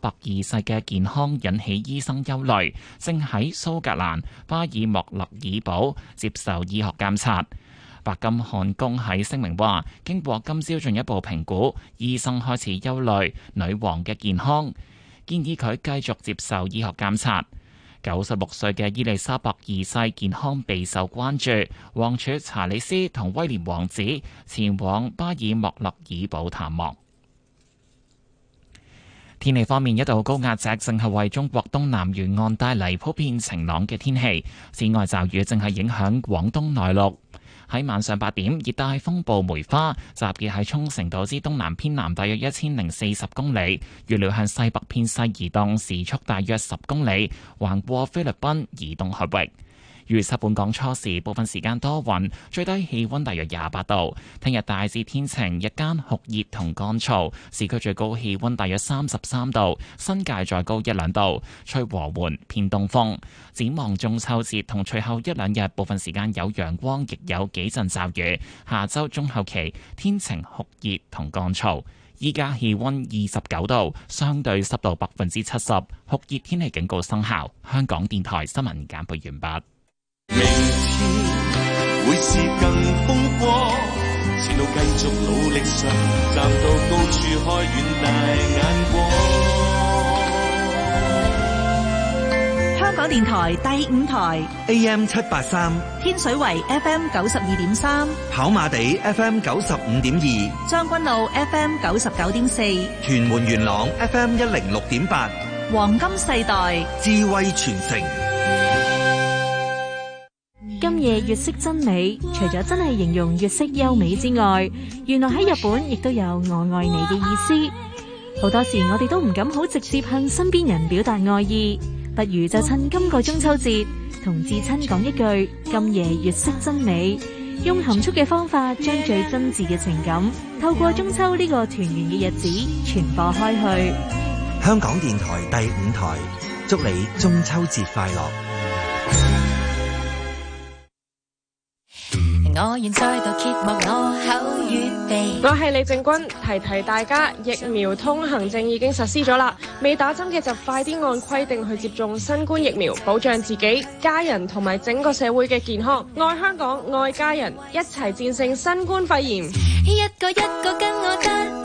白二世嘅健康引起醫生憂慮，正喺蘇格蘭巴爾莫勒爾堡接受醫學監察，白金漢宮喺聲明話：經過今朝進一步評估，醫生開始憂慮女王嘅健康，建議佢繼續接受醫學監察。九十六歲嘅伊麗莎白二世健康備受關注，王儲查理斯同威廉王子前往巴爾莫勒爾堡探望。天氣方面，一度高壓脊正係為中國東南沿岸帶嚟普遍晴朗嘅天氣，此外驟雨正係影響廣東內陸。喺晚上八點，熱帶風暴梅花集結喺沖繩島之東南偏南大約一千零四十公里，預料向西北偏西移動，時速大約十公里，橫過菲律賓移動海域。預測本港初時部分時間多雲，最低氣溫大約廿八度。聽日大致天晴，日間酷熱同乾燥，市區最高氣溫大約三十三度，新界再高一兩度，吹和緩偏東風。展望中秋節同隨後一兩日部分時間有陽光，亦有幾陣驟雨。下周中後期天晴酷熱同乾燥。依家氣溫二十九度，相對濕度百分之七十，酷熱天氣警告生效。香港電台新聞簡報完畢。明天會是更風光，前路繼續努力上，站到高處開遠大眼光，香港電台第五台，AM 七八三，AM783, 天水圍 FM 九十二點三，跑馬地 FM 九十五點二，將軍澳 FM 九十九點四，屯門元朗 FM 一零六點八，黃金世代，智慧傳承。今夜月色真美，除咗真係形容月色優美之外，原來喺日本亦都有我愛你嘅意思。好多時我哋都唔敢好直接向身邊人表達愛意，不如就趁今個中秋節同至親講一句今夜月色真美，用含蓄嘅方法將最真摯嘅情感透過中秋呢個團圓嘅日子傳播開去。香港電台第五台祝你中秋節快樂。我現在度揭幕我口月地，我係李正君，提提大家，疫苗通行證已經實施咗啦，未打針嘅就快啲按規定去接種新冠疫苗，保障自己、家人同埋整個社會嘅健康。愛香港，愛家人，一齊戰勝新冠肺炎。一個一個跟我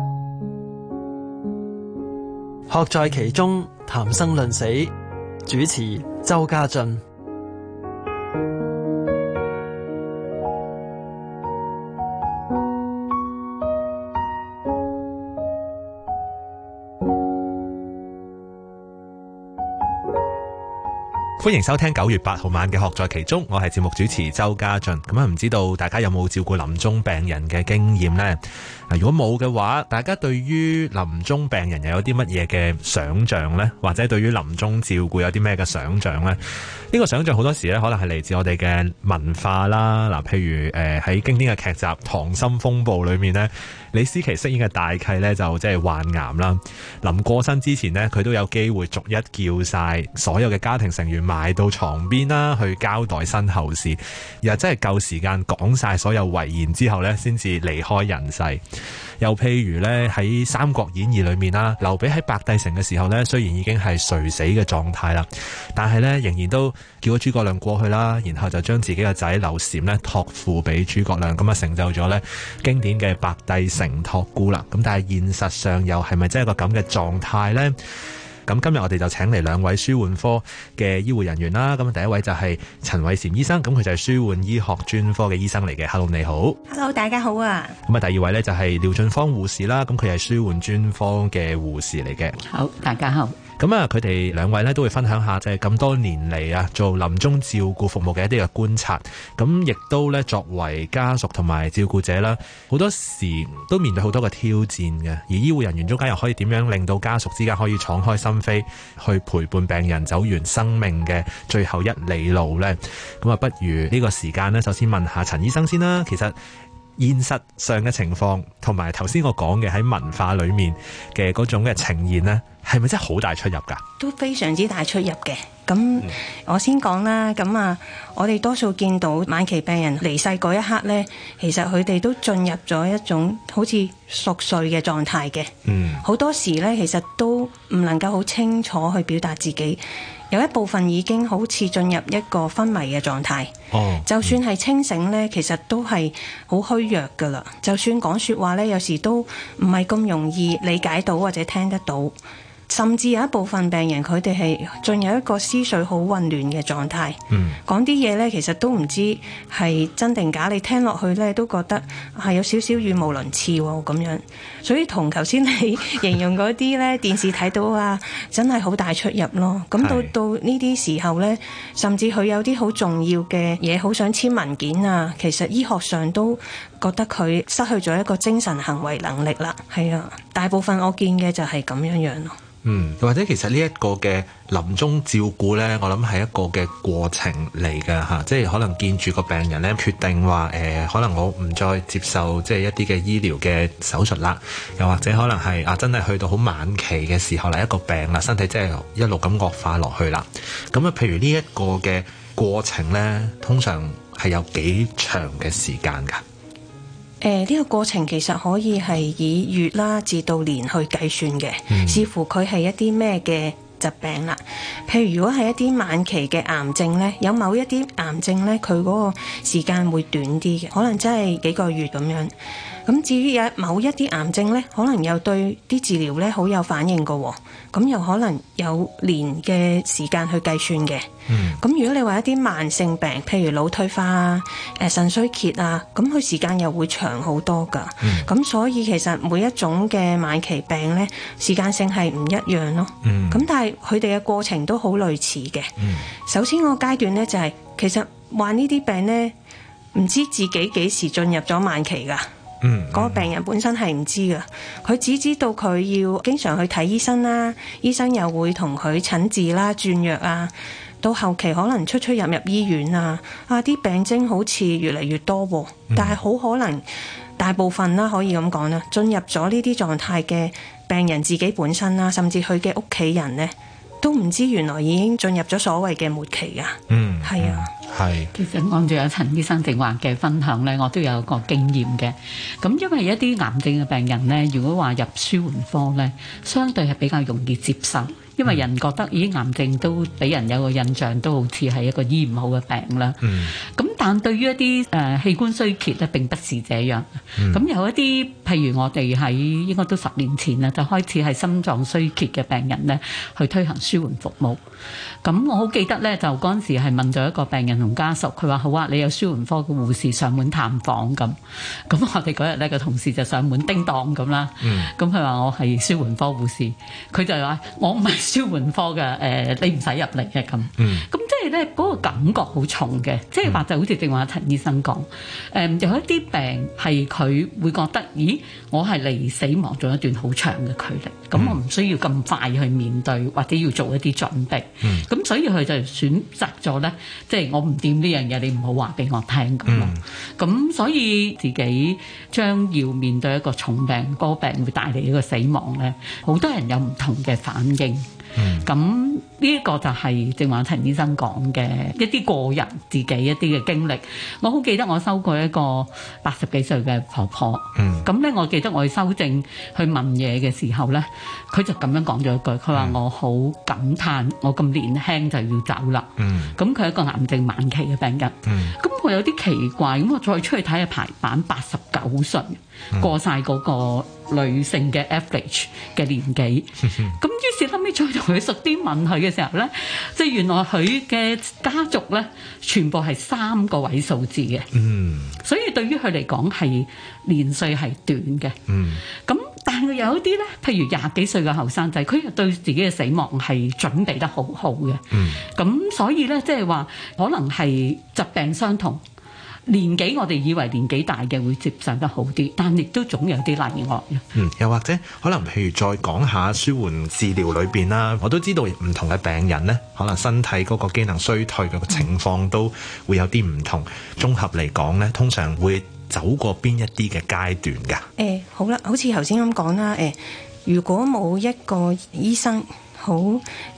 學在其中，談生論死。主持：周家俊。歡迎收聽九月八號晚嘅學在其中，我係節目主持周家俊。咁啊，唔知道大家有冇照顧臨終病人嘅經驗呢？如果冇嘅話，大家對於臨終病人又有啲乜嘢嘅想象呢？或者對於臨終照顧有啲咩嘅想象呢？呢個想象好多時咧，可能係嚟自我哋嘅文化啦。嗱，譬如誒喺經典嘅劇集《溏心風暴》裏面呢，李司棋飾演嘅大契呢，就即係患癌啦，臨過身之前呢，佢都有機會逐一叫晒所有嘅家庭成員。埋到床邊啦，去交代身後事，又真係夠時間講晒所有遺言之後呢，先至離開人世。又譬如呢，喺《三國演義》裏面啦，劉備喺白帝城嘅時候呢，雖然已經係垂死嘅狀態啦，但係呢，仍然都叫咗諸葛亮過去啦，然後就將自己嘅仔劉禪呢託付俾諸葛亮，咁啊成就咗呢經典嘅白帝城託孤啦。咁但係現實上又係咪真係個咁嘅狀態呢？咁今日我哋就請嚟兩位紓緩科嘅醫護人員啦。咁第一位就係陳煒嬋醫生，咁佢就係紓緩醫學專科嘅醫生嚟嘅。Hello，你好。Hello，大家好啊。咁啊，第二位咧就係廖進芳護士啦。咁佢係紓緩專科嘅護士嚟嘅。好，大家好。咁啊，佢哋兩位咧都會分享下，就係咁多年嚟，啊，做臨終照顧服務嘅一啲嘅觀察。咁亦都咧，作為家屬同埋照顧者啦，好多時都面對好多嘅挑戰嘅。而醫護人員中間又可以點樣令到家屬之間可以敞開心扉，去陪伴病人走完生命嘅最後一里路呢？咁啊，不如呢個時間呢，首先問下陳醫生先啦。其實。現實上嘅情況，同埋頭先我講嘅喺文化裏面嘅嗰種嘅呈現呢係咪真係好大出入噶？都非常之大出入嘅。咁、嗯、我先講啦。咁啊，我哋多數見到晚期病人離世嗰一刻呢，其實佢哋都進入咗一種好似熟睡嘅狀態嘅。嗯，好多時呢，其實都唔能夠好清楚去表達自己。有一部分已經好似進入一個昏迷嘅狀態，哦嗯、就算係清醒呢，其實都係好虛弱噶啦。就算講說話呢，有時都唔係咁容易理解到或者聽得到，甚至有一部分病人佢哋係進入一個思緒好混亂嘅狀態，講啲嘢呢，其實都唔知係真定假，你聽落去呢，都覺得係有少少語無倫次喎咁樣。所以同頭先你形容嗰啲咧電視睇到啊，真係好大出入咯。咁到到呢啲時候咧，甚至佢有啲好重要嘅嘢，好想簽文件啊，其實醫學上都覺得佢失去咗一個精神行為能力啦。係啊，大部分我見嘅就係咁樣樣咯。嗯，或者其實呢一個嘅。臨終照顧呢，我諗係一個嘅過程嚟嘅嚇，即係可能見住個病人咧，決定話誒、呃，可能我唔再接受即係一啲嘅醫療嘅手術啦，又或者可能係啊，真係去到好晚期嘅時候嚟一個病啦，身體真係一路咁惡化落去啦。咁啊，譬如呢一個嘅過程呢，通常係有幾長嘅時間㗎？誒、呃，呢個過程其實可以係以月啦至到年去計算嘅，嗯，視乎佢係一啲咩嘅疾病啦，譬如如果係一啲晚期嘅癌症呢，有某一啲癌症呢，佢嗰個時間會短啲嘅，可能真係幾個月咁樣。咁至於有某一啲癌症咧，可能又對啲治療咧好有反應嘅。咁又可能有年嘅時間去計算嘅。咁、mm. 如果你話一啲慢性病，譬如腦退化啊、腎衰竭啊，咁佢時間又會長好多噶。咁、mm. 所以其實每一種嘅晚期病咧，時間性係唔一樣咯。咁、mm. 但係佢哋嘅過程都好類似嘅。Mm. 首先，我階段個階段咧就係、是、其實患呢啲病咧，唔知自己幾時進入咗晚期噶。嗰、嗯嗯嗰個病人本身係唔知噶，佢只知道佢要經常去睇醫生啦，醫生又會同佢診治啦、轉藥啊，到後期可能出出入入醫院啊，啊啲病徵好似越嚟越多，但係好可能大部分啦，可以咁講啦，進入咗呢啲狀態嘅病人自己本身啦，甚至佢嘅屋企人呢，都唔知原來已經進入咗所謂嘅末期啊、嗯嗯、係啊，係啊。係，其實按照阿陳醫生正話嘅分享咧，我都有個經驗嘅。咁因為一啲癌症嘅病人咧，如果話入舒緩科咧，相對係比較容易接受，因為人覺得，咦，癌症都俾人有個印象都好似係一個醫唔好嘅病啦。嗯。咁但對於一啲誒器官衰竭咧，並不是這樣。嗯。咁有一啲，譬如我哋喺應該都十年前啦，就開始係心臟衰竭嘅病人咧，去推行舒緩服務。咁我好記得咧，就嗰陣時係問咗一個病人同家屬，佢話好啊，你有舒緩科嘅護士上門探訪咁。咁我哋嗰日咧個同事就上門叮當咁啦。咁佢話我係舒緩科護士，佢就話我唔係舒緩科嘅，誒，你唔使入嚟嘅咁。咁即係咧嗰個感覺好重嘅，即係話就好似正話陳醫生講，誒，有一啲病係佢會覺得，咦，我係離死亡仲有一段好長嘅距離，咁我唔需要咁快去面對或者要做一啲準備。咁、嗯、所以佢就選擇咗咧，即、就、係、是、我唔掂呢樣嘢，你唔好話俾我聽咁咯。咁、嗯、所以自己將要面對一個重病，個病會帶嚟一個死亡咧，好多人有唔同嘅反應。咁、嗯呢一個就係正話陳醫生講嘅一啲個人自己一啲嘅經歷。我好記得我收過一個八十幾歲嘅婆婆，咁咧、嗯嗯、我記得我去收症去問嘢嘅時候咧，佢就咁樣講咗一句，佢話我好感嘆，我咁年輕就要走啦。咁佢係一個癌症晚期嘅病人，咁、嗯嗯嗯、我有啲奇怪，咁我再出去睇下牌板，八十九歲。過晒嗰個女性嘅 average 嘅年紀，咁 於是後尾再同佢熟啲問佢嘅時候咧，即係原來佢嘅家族咧，全部係三個位數字嘅， 所以對於佢嚟講係年歲係短嘅，咁 但係有一啲咧，譬如廿幾歲嘅後生仔，佢又對自己嘅死亡係準備得好好嘅，咁 所以咧即係話可能係疾病相同。年紀我哋以為年紀大嘅會接受得好啲，但亦都總有啲例外嘅。嗯，又或者可能譬如再講下舒緩治療裏邊啦，我都知道唔同嘅病人呢，可能身體嗰個機能衰退嘅情況都會有啲唔同。綜合嚟講呢，通常會走過邊一啲嘅階段㗎？誒，好啦，好似頭先咁講啦。誒，如果冇一個醫生好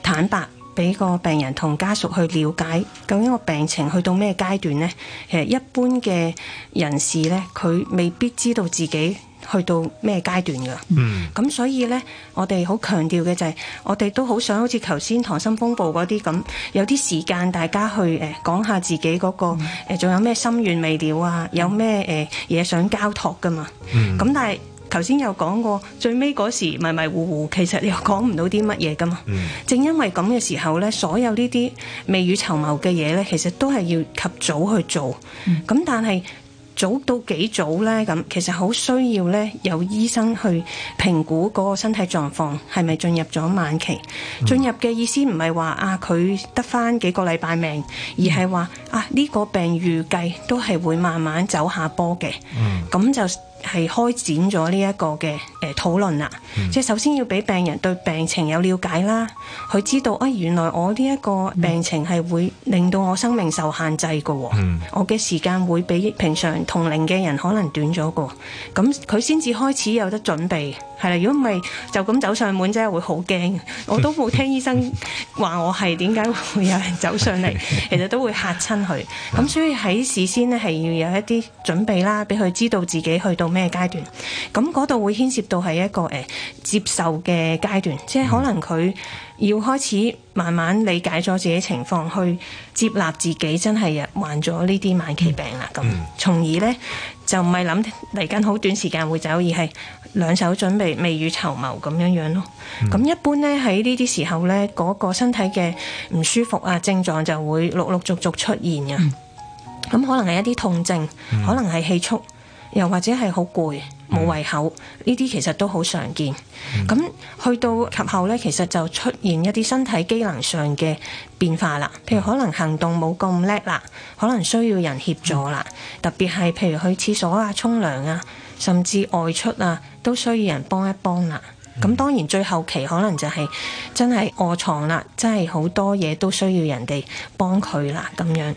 坦白。俾個病人同家屬去了解究竟個病情去到咩階段呢？其實一般嘅人士呢，佢未必知道自己去到咩階段噶。嗯。咁所以呢，我哋好強調嘅就係，我哋都好想好似頭先溏心風暴嗰啲咁，有啲時間大家去誒講下自己嗰個誒，mm. 仲有咩心願未了啊？有咩誒嘢想交託噶嘛？嗯。咁但係。頭先有講過，最尾嗰時迷迷糊糊，其實又講唔到啲乜嘢㗎嘛、嗯。正因為咁嘅時候呢，所有呢啲未雨綢繆嘅嘢呢，其實都係要及早去做。咁、嗯、但係早到幾早呢？咁其實好需要呢，有醫生去評估嗰個身體狀況係咪進入咗晚期？進、嗯、入嘅意思唔係話啊佢得返幾個禮拜命，而係話啊呢、呢個病預計都係會慢慢走下坡嘅。咁、嗯、就。係開展咗呢一個嘅誒討論啦，即係首先要俾病人對病情有了解啦，佢知道啊、哎，原來我呢一個病情係會令到我生命受限制噶、哦嗯，我嘅時間會比平常同齡嘅人可能短咗個，咁佢先至開始有得準備係啦。如果唔係就咁走上門，真係會好驚。我都冇聽醫生話，我係點解會有人走上嚟，其實都會吓親佢。咁 所以喺事先咧係要有一啲準備啦，俾佢知道自己去到。咩階段？咁嗰度會牽涉到係一個誒、欸、接受嘅階段，即係可能佢要開始慢慢理解咗自己情況，去接納自己真係患咗呢啲晚期病啦咁，從、嗯、而呢，就唔係諗嚟緊好短時間會走，而係兩手準備、未雨綢繆咁樣樣咯。咁、嗯、一般呢，喺呢啲時候呢，嗰、嗰個身體嘅唔舒服啊症狀就會陸陸續續出現噶，咁、嗯、可能係一啲痛症，嗯、可能係氣促。又或者係好攰、冇胃口，呢啲其實都好常見。咁、嗯、去到及後呢，其實就出現一啲身體機能上嘅變化啦、嗯。譬如可能行動冇咁叻啦，可能需要人協助啦、嗯。特別係譬如去廁所啊、沖涼啊，甚至外出啊，都需要人幫一幫啦。咁、嗯、當然最後期可能就係真係卧床啦，真係好多嘢都需要人哋幫佢啦咁樣。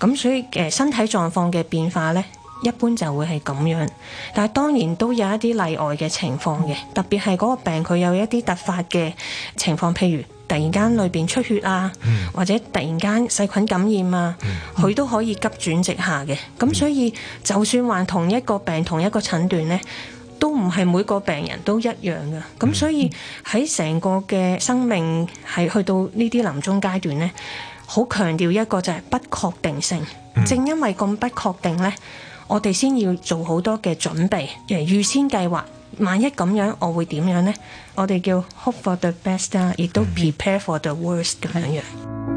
咁所以、呃、身體狀況嘅變化呢，一般就會係咁樣，但係當然都有一啲例外嘅情況嘅，特別係嗰個病佢有一啲突發嘅情況，譬如突然間裏面出血啊，或者突然間細菌感染啊，佢都可以急轉直下嘅。咁所以就算患同一個病、同一個診斷呢，都唔係每個病人都一樣嘅。咁所以喺成個嘅生命係去到呢啲臨終階段呢，好強調一個就係不確定性。正因為咁不確定呢。我哋先要做好多嘅準備，誒預先計劃。萬一咁樣，我會點樣呢？我哋叫 hope for the best 啦，亦都 prepare for the worst 咁樣。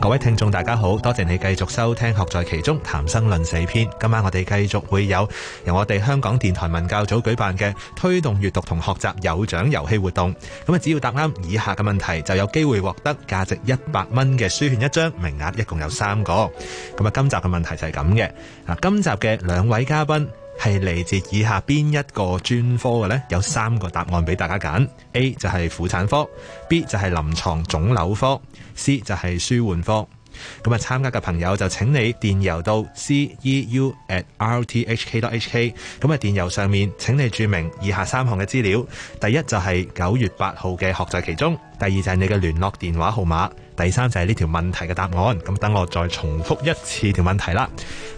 各位聽眾大家好，多謝你繼續收聽《學在其中談生論死篇》。今晚我哋繼續會有由我哋香港電台文教組舉辦嘅推動閱讀同學習有獎遊戲活動。咁啊，只要答啱以下嘅問題，就有機會獲得價值一百蚊嘅書券一張，名額一共有三個。咁啊，今集嘅問題就係咁嘅。嗱，今集嘅兩位嘉賓，係嚟自以下邊一個專科嘅呢？有三個答案畀大家揀：A 就係婦產科，B 就係臨床腫瘤科，C 就係紓緩科。咁啊，參加嘅朋友就請你電郵到 c e u at r t h k dot h k。咁啊，電郵上面請你注明以下三項嘅資料：第一就係九月八號嘅學在其中；第二就係你嘅聯絡電話號碼；第三就係呢條問題嘅答案。咁等我再重複一次條問題啦。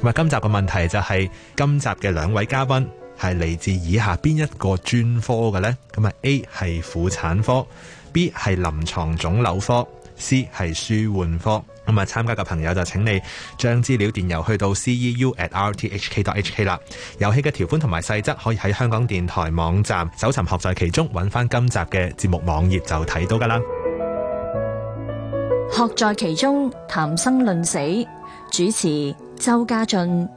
咁啊，今集嘅問題就係今集嘅兩位嘉賓係嚟自以下邊一個專科嘅呢？咁啊，A 係婦產科，B 係臨床腫瘤科，C 係紓緩科。咁啊，參加嘅朋友就請你將資料電郵去到 c e u at r t h k dot h k 啦。遊戲嘅條款同埋細則可以喺香港電台網站搜尋學，學在其中，揾返今集嘅節目網頁就睇到噶啦。學在其中，談生論死，主持周家俊。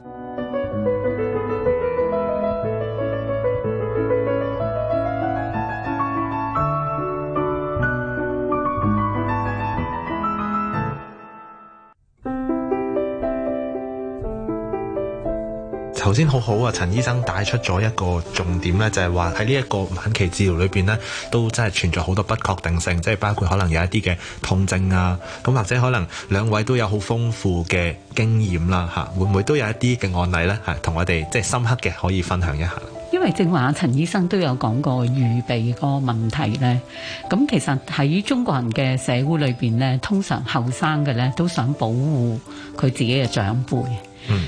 頭先好好啊，陳醫生帶出咗一個重點咧，就係話喺呢一個晚期治療裏邊咧，都真係存在好多不確定性，即係包括可能有一啲嘅痛症啊，咁或者可能兩位都有好豐富嘅經驗啦，嚇，會唔會都有一啲嘅案例咧嚇，同我哋即係深刻嘅可以分享一下？因為正話啊，陳醫生都有講過預備個問題咧，咁其實喺中國人嘅社會裏邊咧，通常後生嘅咧都想保護佢自己嘅長輩。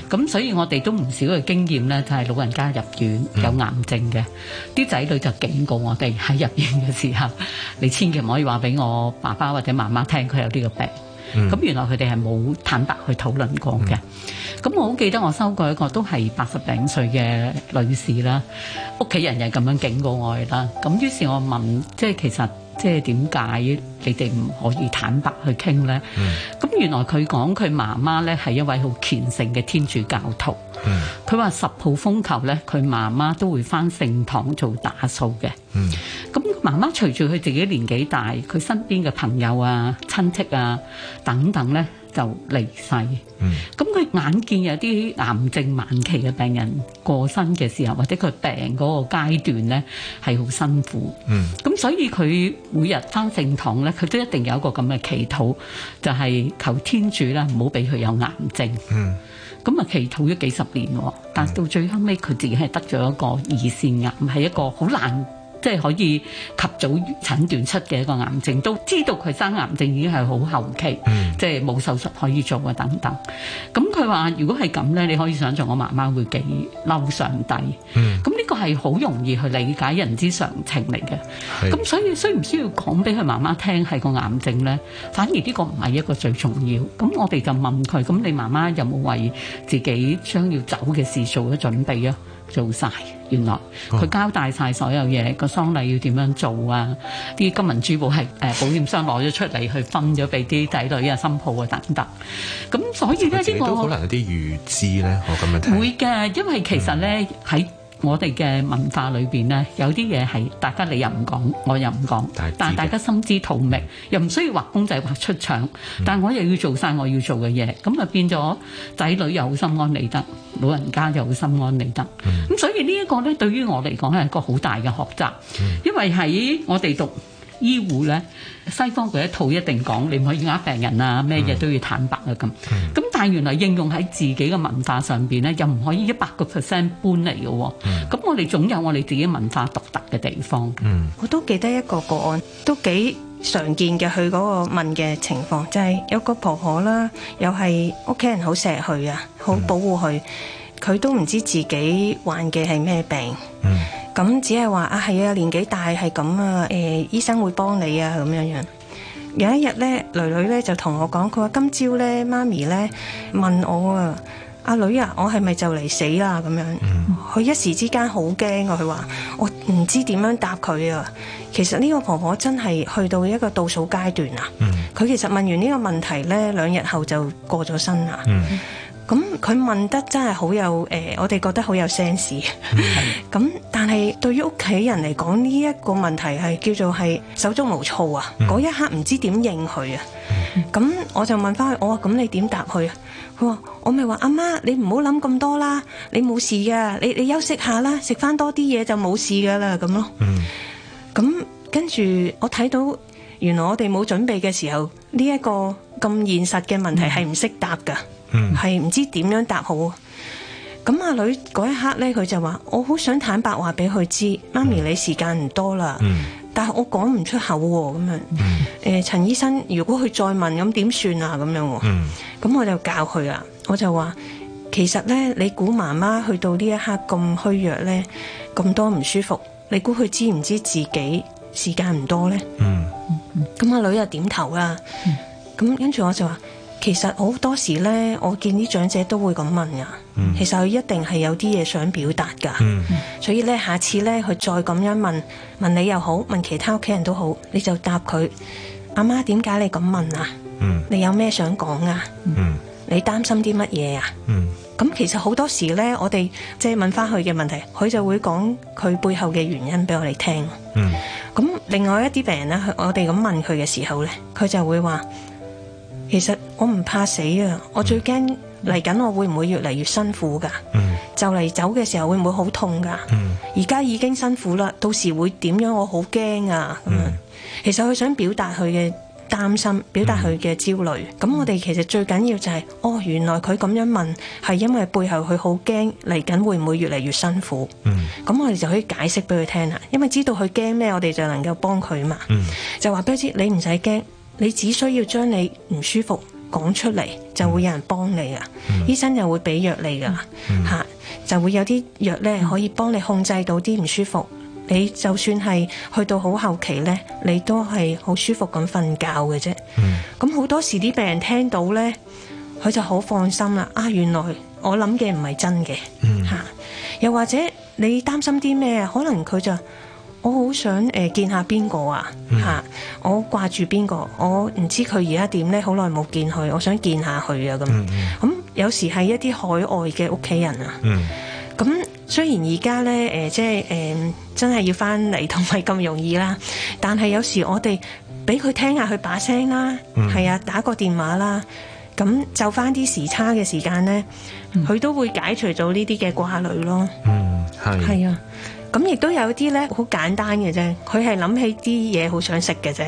咁所以我哋都唔少嘅經驗咧，就係老人家入院有癌症嘅，啲仔女就警告我哋喺入院嘅時候，你千祈唔可以話俾我爸爸或者媽媽聽佢有呢個病。咁原來佢哋係冇坦白去討論過嘅。咁我好記得我收過一個都係八十零歲嘅女士啦，屋企人又咁樣警告我哋啦。咁於是，我問即係其實。即係點解你哋唔可以坦白去傾呢？咁、mm. 原來佢講佢媽媽呢，係一位好虔誠嘅天主教徒。佢、mm. 話十號風球呢，佢媽媽都會返聖堂做打掃嘅。咁、mm. 媽媽隨住佢自己年紀大，佢身邊嘅朋友啊、親戚啊等等呢。就離世，咁佢眼見有啲癌症晚期嘅病人過身嘅時候，或者佢病嗰個階段咧係好辛苦，咁所以佢每日翻聖堂咧，佢都一定有一個咁嘅祈禱，就係求天主咧唔好俾佢有癌症。咁啊，祈禱咗幾十年，但到最後尾佢自己係得咗一個胰腺癌，係一個好難。即係可以及早診斷出嘅一個癌症，都知道佢生癌症已經係好後期，嗯、即係冇手術可以做啊等等。咁佢話如果係咁呢，你可以想像我媽媽會幾嬲上帝。咁、嗯、呢個係好容易去理解人之常情嚟嘅。咁所以需唔需要講俾佢媽媽聽係個癌症呢？反而呢個唔係一個最重要。咁我哋就問佢：咁你媽媽有冇為自己將要走嘅事做咗準備啊？做晒，原來佢交代晒所有嘢，個、哦、喪禮要點樣做啊，啲金銀珠寶係誒保險箱攞咗出嚟，去分咗俾啲仔女啊、新抱啊等等。咁所以咧，啲我都可能有啲預知咧，我咁樣睇。會嘅，因為其實咧喺。嗯我哋嘅文化裏邊呢，有啲嘢係大家你又唔講，我又唔講，但係大家心知肚明，嗯、又唔需要畫公仔畫出腸、嗯。但係我又要做晒我要做嘅嘢，咁就變咗仔女又好心安理得，老人家又好心安理得。咁、嗯、所以呢一個呢，對於我嚟講係一個好大嘅學習，因為喺我哋讀。醫護咧，西方嗰一套一定講，你唔可以呃病人啊，咩嘢都要坦白啊咁。咁、嗯、但係原來應用喺自己嘅文化上邊咧，又唔可以一百個 percent 搬嚟嘅、啊。咁、嗯、我哋總有我哋自己文化獨特嘅地方、嗯。我都記得一個個案，都幾常見嘅。佢嗰個問嘅情況就係、是、有個婆婆啦，又係屋企人好錫佢啊，好保護佢，佢、嗯、都唔知自己患嘅係咩病。嗯。咁只係話啊係啊年紀大係咁啊，誒、啊、欸、醫生會幫你啊，咁樣樣。有一日咧，女女咧就同我講，佢話今朝咧媽咪咧問我啊，阿女啊，我係咪就嚟死啦咁樣？佢、嗯、一時之間好驚啊，佢話我唔知點樣答佢啊。其實呢個婆婆真係去到一個倒數階段啊。佢、嗯、其實問完呢個問題咧，兩日後就過咗身啦。嗯咁佢問得真係好有誒、呃，我哋覺得好有 sense、嗯。咁 但係對於屋企人嚟講，呢、這、一個問題係叫做係手足無措啊！嗰、嗯、一刻唔知點應佢啊！咁、嗯、我就問翻佢：我話咁你點答佢啊？佢話我咪話阿媽，你唔好諗咁多啦，你冇事噶，你你休息下啦，食翻多啲嘢，就冇事噶啦咁咯。咁、嗯、跟住我睇到，原來我哋冇準備嘅時候，呢、這、一個咁現實嘅問題係唔識答噶。嗯係、嗯、唔知點樣答好？咁阿女嗰一刻咧，佢就話：我好想坦白話俾佢知，媽、嗯、咪你時間唔多啦、嗯。但係我講唔出口咁、啊、樣。誒、嗯，陳、呃、醫生，如果佢再問，咁點算啊？咁樣。咁、嗯、我就教佢啦。我就話：其實咧，你估媽媽去到呢一刻咁虛弱咧，咁多唔舒服，你估佢知唔知自己時間唔多咧？咁、嗯、阿、嗯、女又點頭啦、啊。咁跟住我就話。其實好多時咧，我見啲長者都會咁問噶、嗯。其實佢一定係有啲嘢想表達噶、嗯。所以咧，下次咧佢再咁樣問，問你又好，問其他屋企人都好，你就答佢。阿媽，點解你咁問啊？嗯、你有咩想講啊？嗯、你擔心啲乜嘢啊？咁、嗯、其實好多時咧，我哋即係問翻佢嘅問題，佢就會講佢背後嘅原因俾我哋聽。咁、嗯、另外一啲病人咧，我哋咁問佢嘅時候咧，佢就會話。其實我唔怕死啊，我最驚嚟緊我會唔會越嚟越辛苦噶、嗯？就嚟走嘅時候會唔會好痛噶？而、嗯、家已經辛苦啦，到時會點樣？我好驚啊、嗯！其實佢想表達佢嘅擔心，表達佢嘅焦慮。咁、嗯、我哋其實最緊要就係，哦，原來佢咁樣問係因為背後佢好驚嚟緊會唔會越嚟越辛苦。咁、嗯、我哋就可以解釋俾佢聽啦，因為知道佢驚咩，我哋就能夠幫佢嘛。嗯、就話俾佢知，你唔使驚。你只需要將你唔舒服講出嚟，就會有人幫你啊！Mm. 醫生又會俾藥你噶，吓、mm. 啊、就會有啲藥咧可以幫你控制到啲唔舒服。你就算係去到好後期咧，你都係好舒服咁瞓覺嘅啫。咁、mm. 好多時啲病人聽到咧，佢就好放心啦。啊，原來我諗嘅唔係真嘅，吓、啊 mm. 又或者你擔心啲咩啊？可能佢就。我好想誒、呃、見下邊個啊嚇、嗯！我掛住邊個，我唔知佢而家點咧，好耐冇見佢，我想見下佢啊咁。咁、嗯嗯、有時係一啲海外嘅屋企人啊。咁、嗯、雖然而家咧誒，即係誒、呃、真係要翻嚟同埋咁容易啦。但係有時我哋俾佢聽下佢把聲啦、啊，係、嗯、啊，打個電話啦。咁就翻啲時差嘅時間咧，佢、嗯、都會解除咗呢啲嘅掛慮咯。嗯，係，係啊。咁亦都有啲咧，好簡單嘅啫，佢係諗起啲嘢好想食嘅啫，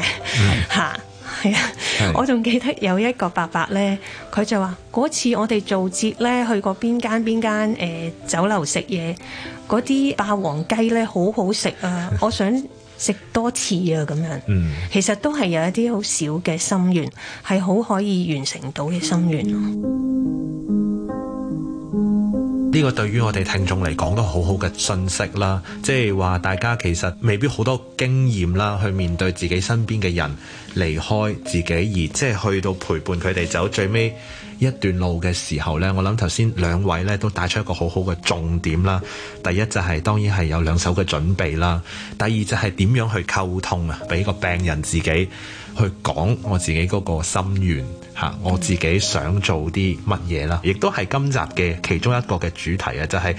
嚇，係啊，我仲記得有一個伯伯咧，佢就話嗰次我哋做節咧去過邊間邊間誒酒樓食嘢，嗰啲霸王雞咧好好食啊，我想食多次啊咁樣，mm. 其實都係有一啲好少嘅心願，係好可以完成到嘅心願。呢、這個對於我哋聽眾嚟講都好好嘅信息啦，即係話大家其實未必好多經驗啦，去面對自己身邊嘅人離開自己而即係去到陪伴佢哋走最尾一段路嘅時候呢，我諗頭先兩位呢都帶出一個好好嘅重點啦。第一就係、是、當然係有兩手嘅準備啦，第二就係點樣去溝通啊，俾個病人自己。去講我自己嗰個心願嚇，我自己想做啲乜嘢啦，亦都係今集嘅其中一個嘅主題啊！就係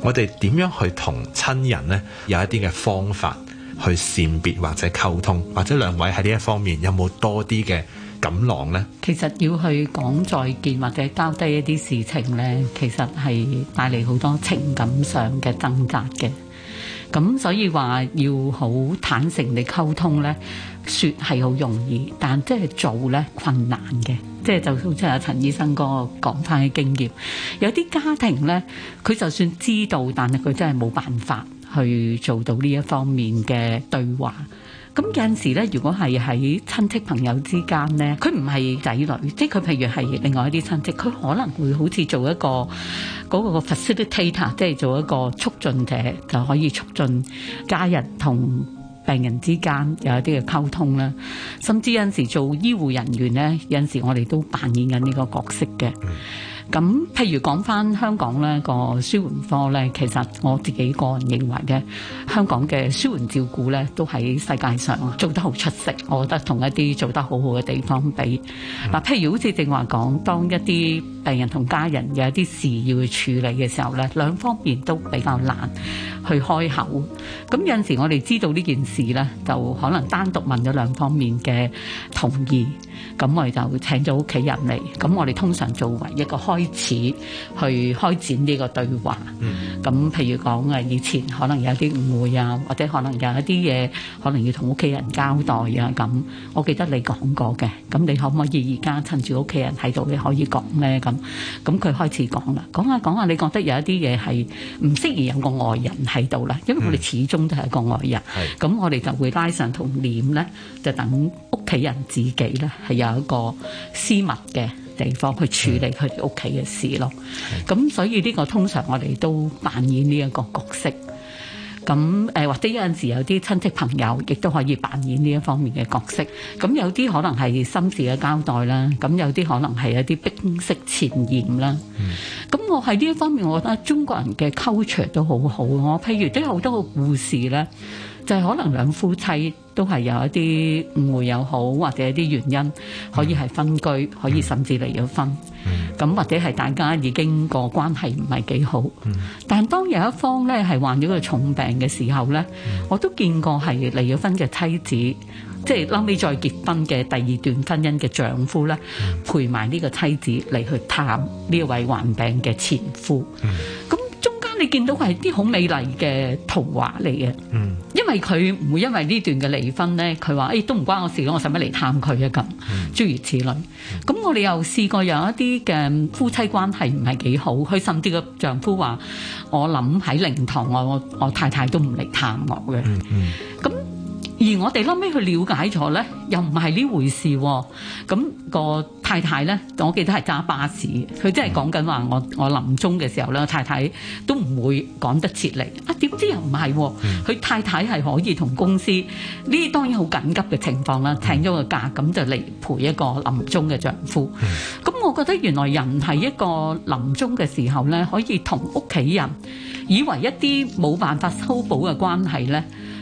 我哋點樣去同親人呢有一啲嘅方法去善別或者溝通，或者兩位喺呢一方面有冇多啲嘅感浪呢？其實要去講再見或者交低一啲事情呢，其實係帶嚟好多情感上嘅掙扎嘅。咁所以話要好坦誠地溝通呢。說係好容易，但即係做咧困難嘅，即係就好似阿陳醫生嗰個，講翻嘅經驗，有啲家庭咧，佢就算知道，但係佢真係冇辦法去做到呢一方面嘅對話。咁有陣時咧，如果係喺親戚朋友之間咧，佢唔係仔女，即係佢譬如係另外一啲親戚，佢可能會好似做一個嗰個個 facilitator，即係做一個促進者，就可以促進家人同。病人之間有一啲嘅溝通啦，甚至有陣時做醫護人員呢，有陣時我哋都扮演緊呢個角色嘅。嗯咁，譬如講翻香港咧個紓緩科咧，其實我自己個人認為咧，香港嘅紓緩照顧咧，都喺世界上做得好出色。我覺得同一啲做得好好嘅地方比嗱，譬如好似正話講，當一啲病人同家人有一啲事要去處理嘅時候咧，兩方面都比較難去開口。咁有陣時我哋知道呢件事咧，就可能單獨問咗兩方面嘅同意。咁我哋就請咗屋企人嚟，咁我哋通常作為一個開始去開展呢個對話。咁譬如講啊，以前可能有啲誤會啊，或者可能有一啲嘢可能要同屋企人交代啊。咁我記得你講過嘅，咁你可唔可以而家趁住屋企人喺度你可以講咧？咁咁佢開始講啦，講下講下，你覺得有一啲嘢係唔適宜有個外人喺度啦，因為我哋始終都係個外人。咁我哋就會拉上同簾咧，就等屋企人自己啦。係有一個私密嘅地方去處理佢哋屋企嘅事咯，咁所以呢個通常我哋都扮演呢一個角色，咁誒或者有陣時有啲親戚朋友亦都可以扮演呢一方面嘅角色，咁有啲可能係心事嘅交代啦，咁有啲可能係有啲冰釋前嫌啦，咁我喺呢一方面，我覺得中國人嘅 culture 都好好，我譬如都有好多個故事啦。就係、是、可能兩夫妻都係有一啲誤會又好，或者一啲原因可以係分居，可以甚至離咗婚。咁、嗯、或者係大家已經個關係唔係幾好、嗯。但當有一方咧係患咗個重病嘅時候咧、嗯，我都見過係離咗婚嘅妻子，嗯、即係後尾再結婚嘅第二段婚姻嘅丈夫咧、嗯，陪埋呢個妻子嚟去探呢位患病嘅前夫。咁、嗯嗯你見到佢係啲好美麗嘅圖畫嚟嘅，因為佢唔會因為呢段嘅離婚咧，佢話誒都唔關我事咯，我使乜嚟探佢啊咁，嗯、諸如此類。咁我哋又試過有一啲嘅、嗯、夫妻關係唔係幾好，佢甚至個丈夫話我諗喺靈堂外我我，我太太都唔嚟探我嘅。咁、嗯嗯、而我哋後尾去了解咗咧，又唔係呢回事。咁、那個。太太咧，我記得係揸巴士，佢真係講緊話我我臨終嘅時候咧，太太都唔會趕得切嚟啊。點知又唔係，佢太太係可以同公司呢啲當然好緊急嘅情況啦，請咗個假咁就嚟陪一個臨終嘅丈夫。咁我覺得原來人喺一個臨終嘅時候咧，可以同屋企人以為一啲冇辦法修補嘅關係咧。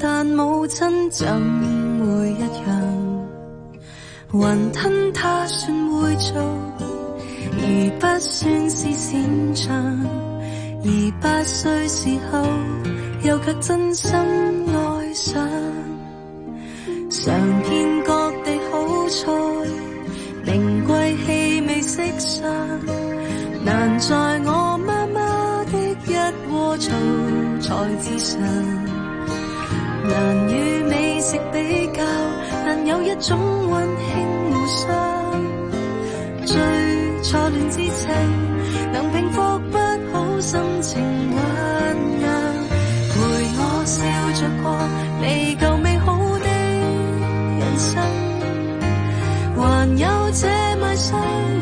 但母親怎會一樣？雲吞她算會做，而不算是擅長。而八歲時候，又卻真心愛上。嘗 遍樂各地好菜，名貴氣味色相，難在我媽媽的一鍋醋菜之上。難與美食比較，但有一種溫馨互相，最錯亂之情，能平復不好心情，溫潤陪我笑着過未夠美好的人生，還有這賣相。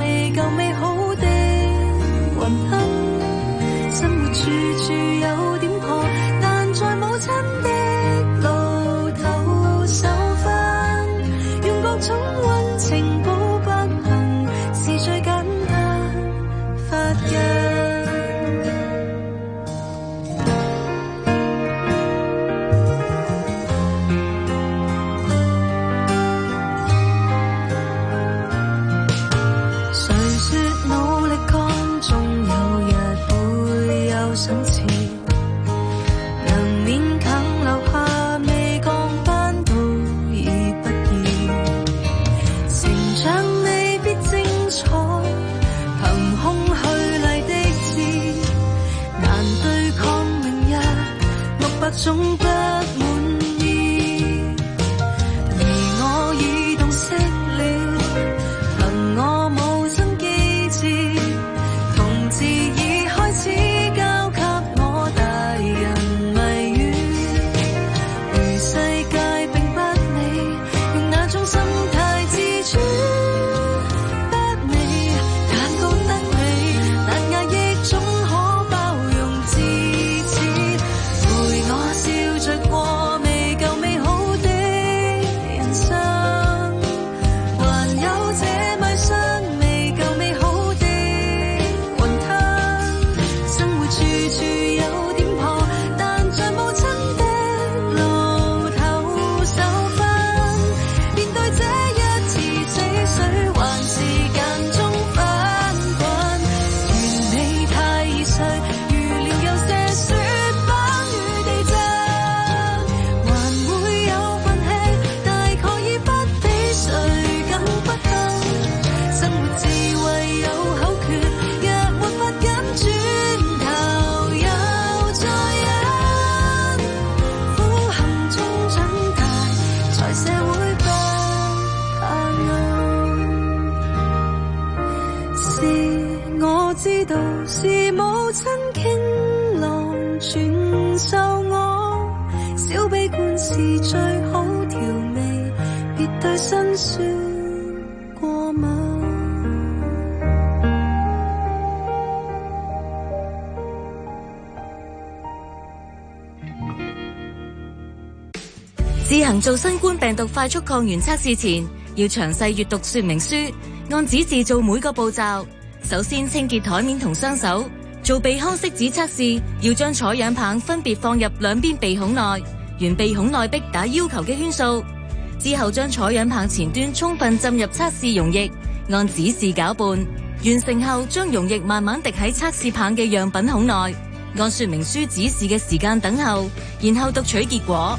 快速抗原測試前要詳細閱讀說明書，按指示做每個步驟。首先清潔台面同雙手。做鼻腔拭子測試，要將採樣棒分別放入兩邊鼻孔內，沿鼻孔內壁打要求嘅圈數。之後將採樣棒前端充分浸入測試溶液，按指示攪拌。完成後將溶液慢慢滴喺測試棒嘅樣品孔內，按說明書指示嘅時間等候，然後讀取結果。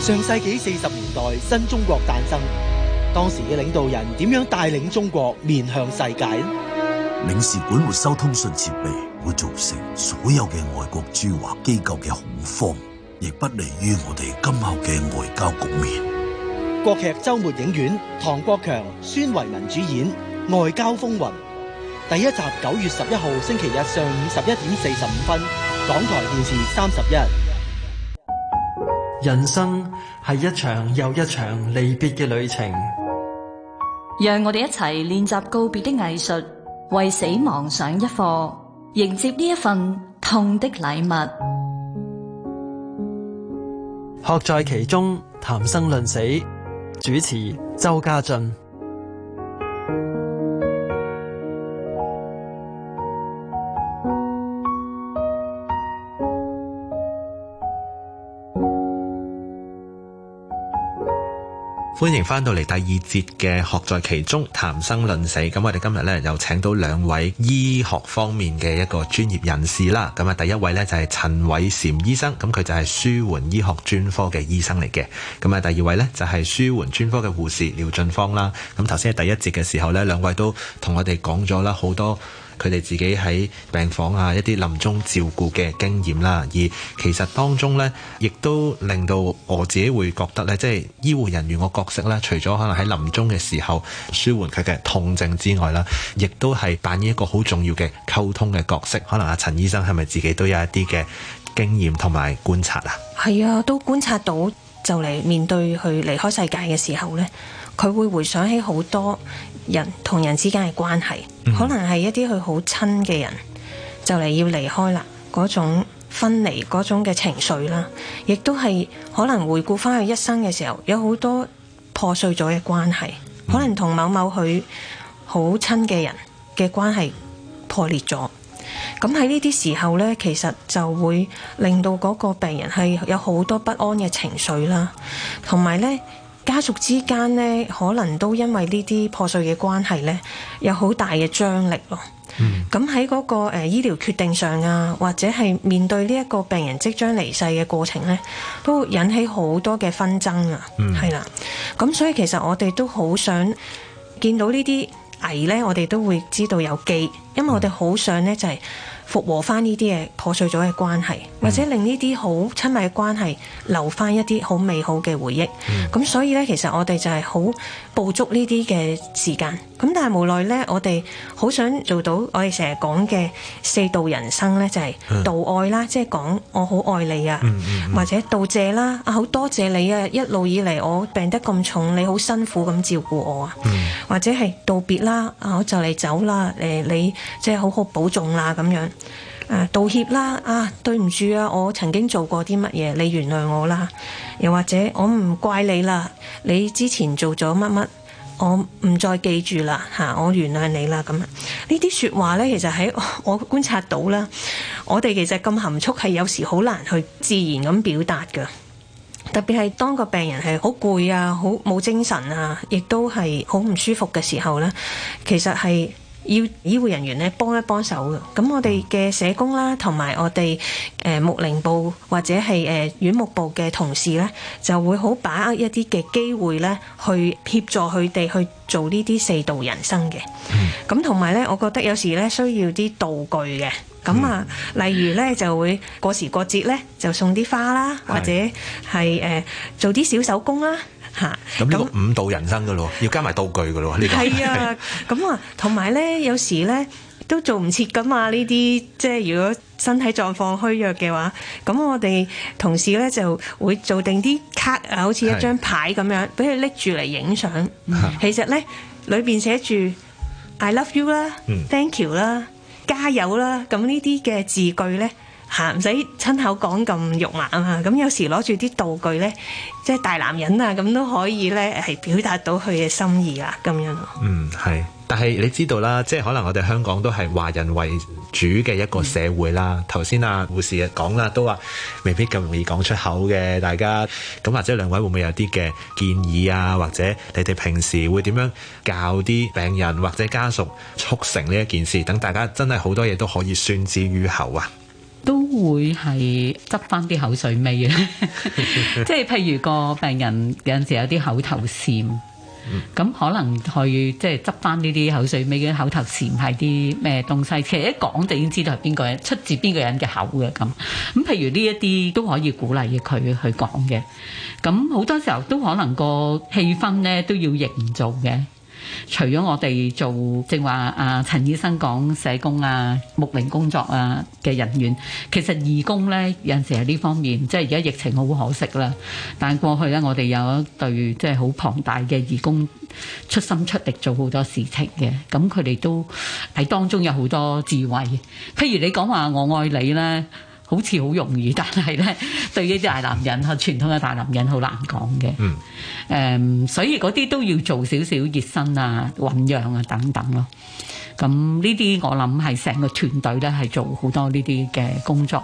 上世紀四十年代，新中國誕生。當時嘅領導人點樣帶領中國面向世界呢？領事館會收通信設備，會造成所有嘅外國駐華機構嘅恐慌，亦不利於我哋今後嘅外交局面。國劇週末影院，唐國強、孫維民主演《外交風雲》第一集，九月十一號星期日上午十一點四十五分，港台電視三十一。人生係一場又一場離別嘅旅程，讓我哋一齊練習告別的藝術，為死亡上一課，迎接呢一份痛的禮物。學在其中，談生論死。主持周家俊。歡迎翻到嚟第二節嘅學在其中，談生論死。咁我哋今日咧又請到兩位醫學方面嘅一個專業人士啦。咁啊，第一位咧就係、是、陳煒嬋醫生，咁佢就係紓緩醫學專科嘅醫生嚟嘅。咁啊，第二位咧就係、是、紓緩專科嘅護士廖進芳啦。咁頭先喺第一節嘅時候咧，兩位都同我哋講咗啦好多。佢哋自己喺病房啊，一啲臨終照顧嘅經驗啦，而其實當中咧，亦都令到我自己會覺得咧，即係醫護人員個角色咧，除咗可能喺臨終嘅時候紓緩佢嘅痛症之外啦，亦都係扮演一個好重要嘅溝通嘅角色。可能阿陳醫生係咪自己都有一啲嘅經驗同埋觀察啊？係啊，都觀察到就嚟面對佢離開世界嘅時候咧，佢會回想起好多。人同人之間嘅關係，可能係一啲佢好親嘅人就嚟要離開啦，嗰種分離嗰種嘅情緒啦，亦都係可能回顧返佢一生嘅時候，有好多破碎咗嘅關係，可能同某某佢好親嘅人嘅關係破裂咗，咁喺呢啲時候呢，其實就會令到嗰個病人係有好多不安嘅情緒啦，同埋呢。家屬之間咧，可能都因為呢啲破碎嘅關係咧，有好大嘅張力咯。咁喺嗰個誒醫療決定上啊，或者係面對呢一個病人即將離世嘅過程咧，都會引起好多嘅紛爭啊。係、嗯、啦，咁所以其實我哋都好想見到呢啲危咧，我哋都會知道有機，因為我哋好想咧就係、是。復和翻呢啲嘢破碎咗嘅關係，或者令呢啲好親密嘅關係留翻一啲好美好嘅回憶。咁、嗯、所以呢，其實我哋就係好捕捉呢啲嘅時間。咁但係無奈呢，我哋好想做到我哋成日講嘅四道人生呢，就係、是、道愛啦，即係講我好愛你啊、嗯嗯嗯，或者道謝啦，啊好多謝你啊，一路以嚟我病得咁重，你好辛苦咁照顧我啊，嗯、或者係道別啦，啊我你你就嚟走啦，誒你即係好好保重啦咁樣。道歉啦，啊，對唔住啊，我曾經做過啲乜嘢，你原諒我啦。又或者我唔怪你啦，你之前做咗乜乜，我唔再記住啦，吓，我原諒你啦。咁呢啲說話呢，其實喺我觀察到啦，我哋其實咁含蓄，係有時好難去自然咁表達噶。特別係當個病人係好攰啊，好冇精神啊，亦都係好唔舒服嘅時候呢，其實係。要醫護人員咧幫一幫手嘅，咁我哋嘅社工啦，同埋我哋誒牧靈部或者係誒院牧部嘅同事咧，就會好把握一啲嘅機會咧，去協助佢哋去做呢啲四道人生嘅。咁同埋咧，我覺得有時咧需要啲道具嘅，咁啊，例如咧就會過時過節咧，就送啲花啦，或者係誒做啲小手工啦。吓，咁呢個五道人生噶咯，嗯，要加埋道具噶咯，呢、呢個係啊，咁啊，同埋咧，有時咧都做唔切噶嘛，呢啲即係如果身體狀況虛弱嘅話，咁我哋同事咧就會做定啲卡啊，好似一張牌咁樣，俾佢拎住嚟影相。其實咧裏邊寫住 I love you 啦、嗯、Thank you 啦，加油啦，咁呢啲嘅字句咧。啊，唔使親口講咁肉麻啊，咁有時攞住啲道具呢，即係大男人啊，咁都可以呢係表達到佢嘅心意啊，咁樣咯。嗯，係，但係你知道啦，即係可能我哋香港都係華人為主嘅一個社會啦。頭先啊，護士講啦，都話未必咁容易講出口嘅。大家，咁或者兩位會唔會有啲嘅建議啊？或者你哋平時會點樣教啲病人或者家屬促成呢一件事？等大家真係好多嘢都可以宣之於口啊！都會係執翻啲口水味嘅，即 係譬如個病人有陣時候有啲口頭禪，咁 可能去即係執翻呢啲口水味嘅口頭禪係啲咩東西？其實一講就已經知道係邊個人出自邊個人嘅口嘅咁。咁譬如呢一啲都可以鼓勵佢去講嘅。咁好多時候都可能個氣氛咧都要營造嘅。除咗我哋做正話阿陳醫生講社工啊、牧靈工作啊嘅人員，其實義工呢，有陣時喺呢方面，即係而家疫情好可惜啦。但過去呢，我哋有一隊即係好龐大嘅義工，出心出力做好多事情嘅。咁佢哋都喺當中有好多智慧。譬如你講話我愛你呢。好似好容易，但係咧對呢啲大男人嚇、嗯、傳統嘅大男人好難講嘅，嗯 um, 所以嗰啲都要做少少熱身啊、醞釀啊等等咯。咁呢啲我諗係成個團隊咧係做好多呢啲嘅工作。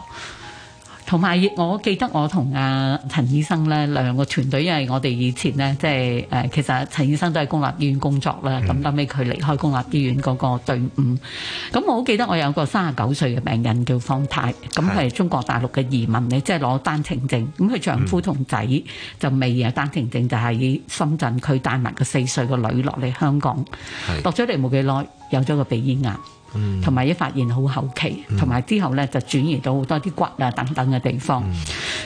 同埋，我記得我同阿陳醫生咧兩個團隊，因為我哋以前咧，即係誒，其實陳醫生都喺公立醫院工作啦。咁到尾佢離開公立醫院嗰個隊伍，咁我好記得我有個三十九歲嘅病人叫方太，咁係中國大陸嘅移民，咧即係攞單程證。咁佢丈夫同仔就未有單程證，嗯、就係、是、深圳，佢帶埋個四歲個女落嚟香港，落咗嚟冇幾耐，有咗個鼻咽癌。同埋一發現好後期，同、嗯、埋之後咧就轉移到好多啲骨啊等等嘅地方。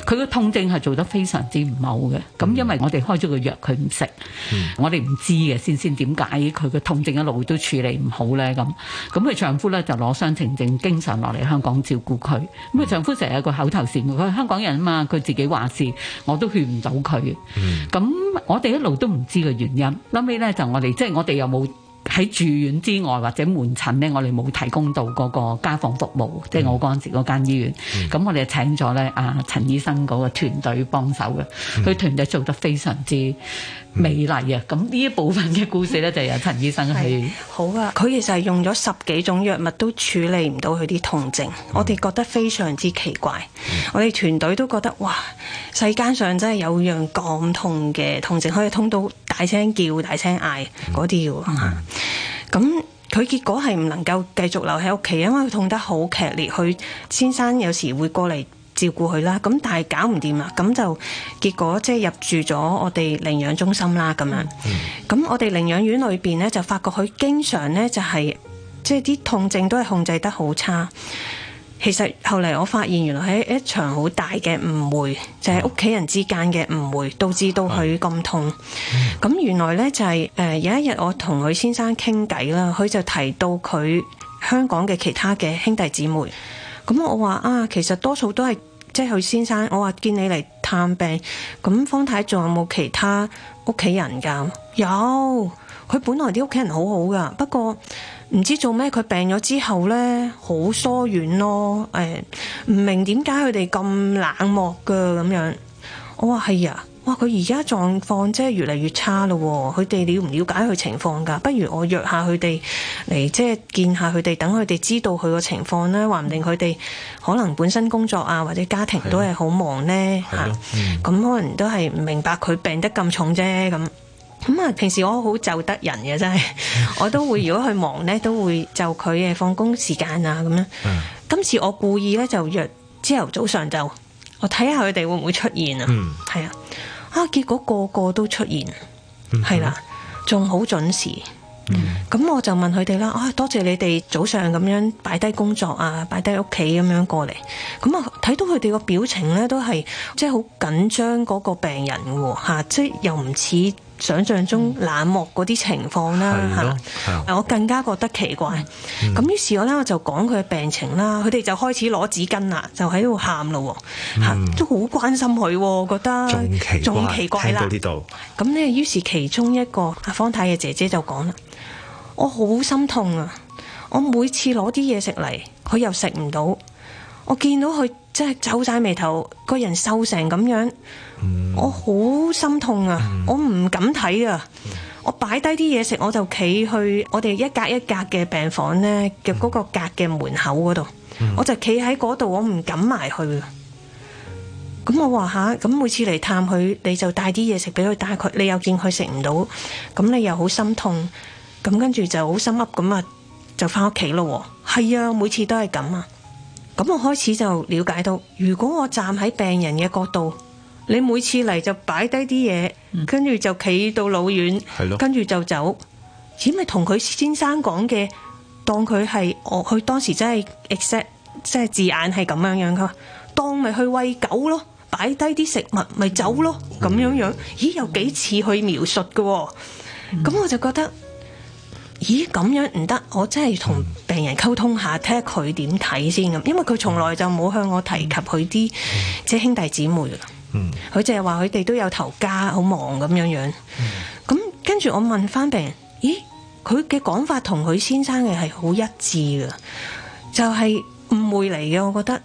佢、嗯、個痛症係做得非常之唔好嘅。咁、嗯、因為我哋開咗個藥，佢唔食，我哋唔知嘅先先點解佢個痛症一路都處理唔好咧咁。咁佢丈夫咧就攞雙程證經常落嚟香港照顧佢。咁、嗯、佢丈夫成日有個口頭禪，佢係香港人啊嘛，佢自己話事，我都勸唔到佢。咁、嗯、我哋一路都唔知個原因。後尾咧就我哋即係我哋又冇。喺住院之外或者門診呢，我哋冇提供到嗰個家訪服務，即係我嗰陣時嗰間醫院。咁，嗯，我哋請咗咧阿陳醫生嗰個團隊幫手嘅，佢團隊做得非常之。美麗啊！咁呢一部分嘅故事咧，就由陳醫生去。 好啊，佢其實係用咗十幾種藥物都處理唔到佢啲痛症，嗯、我哋覺得非常之奇怪。嗯、我哋團隊都覺得哇，世間上真係有樣咁痛嘅痛症，可以痛到大聲叫、大聲嗌嗰啲嘅喎。咁佢、嗯啊、結果係唔能夠繼續留喺屋企，因為佢痛得好劇烈。佢先生有時會過嚟。照顧佢啦，咁但係搞唔掂啦，咁就結果即係入住咗我哋領養中心啦，咁樣。咁、嗯、我哋領養院裏邊咧就發覺佢經常咧就係即係啲痛症都係控制得好差。其實後嚟我發現原來係一場好大嘅誤會，就係屋企人之間嘅誤會，導致到佢咁痛。咁、嗯、原來咧就係誒有一日我同佢先生傾偈啦，佢就提到佢香港嘅其他嘅兄弟姊妹。咁我話啊，其實多數都係。即佢先生，我話，見你嚟探病，咁方太仲有冇其他屋企人噶？有，佢本來啲屋企人好好噶，不過唔知做咩佢病咗之後呢，好疏遠咯。誒、哎，唔明點解佢哋咁冷漠噶咁樣。我話係、哎、呀。哇！佢而家狀況即係越嚟越差咯，佢哋了唔了解佢情況噶？不如我約下佢哋嚟，即係、就是、見下佢哋，等佢哋知道佢個情況咧。話唔定佢哋可能本身工作啊，或者家庭都係好忙呢。咁、啊嗯、可能都係唔明白佢病得咁重啫。咁、啊、咁啊！平時我好就得人嘅真係，我都會 如果佢忙呢，都會就佢嘅放工時間啊咁樣。嗯、今次我故意咧就約朝頭早上就，我睇下佢哋會唔會出現啊？係啊！啊！結果個個都出現，係啦，mm-hmm.，仲好準時。咁，mm-hmm. 我就問佢哋啦，啊，多謝你哋早上咁樣擺低工作啊，擺低屋企咁樣過嚟。咁啊，睇到佢哋個表情咧，都係即係好緊張嗰個病人喎，啊，即、啊、係、即係、又唔似。想像中冷漠嗰啲情況啦嚇、嗯，我更加覺得奇怪。咁、嗯、於是我咧我就講佢嘅病情啦，佢哋就開始攞紙巾啦，就喺度喊咯，嚇、嗯、都好關心佢，我覺得仲奇怪啦。咁呢度，於是其中一個阿方太嘅姐姐就講啦，我好心痛啊！我每次攞啲嘢食嚟，佢又食唔到。我見到佢。即係皺晒眉頭，個人瘦成咁樣，mm. 我好心痛啊！Mm. 我唔敢睇啊！我擺低啲嘢食，我就企去我哋一格一格嘅病房咧嘅嗰個格嘅門口嗰度、mm.，我就企喺嗰度，我唔敢埋去。咁我話吓，咁每次嚟探佢，你就帶啲嘢食俾佢，帶佢，你又見佢食唔到，咁你又好心痛，咁跟住就好心噏咁啊，就翻屋企咯。係啊，每次都係咁啊。咁我開始就了解到，如果我站喺病人嘅角度，你每次嚟就擺低啲嘢，跟、嗯、住就企到老遠，跟住就走，咦咪同佢先生講嘅，當佢係我，佢當時真係 exactly 即係字眼係咁樣樣㗎，當咪去餵狗咯，擺低啲食物咪走咯，咁樣樣，咦有幾次去描述嘅，咁我就覺得。咦，咁樣唔得，我真係同病人溝通下，睇下佢點睇先咁，因為佢從來就冇向我提及佢啲即係兄弟姊妹佢、嗯、淨係話佢哋都有頭家，好忙咁樣樣。咁、嗯、跟住我問翻病人，咦，佢嘅講法同佢先生嘅係好一致噶，就係、是、誤會嚟嘅，我覺得。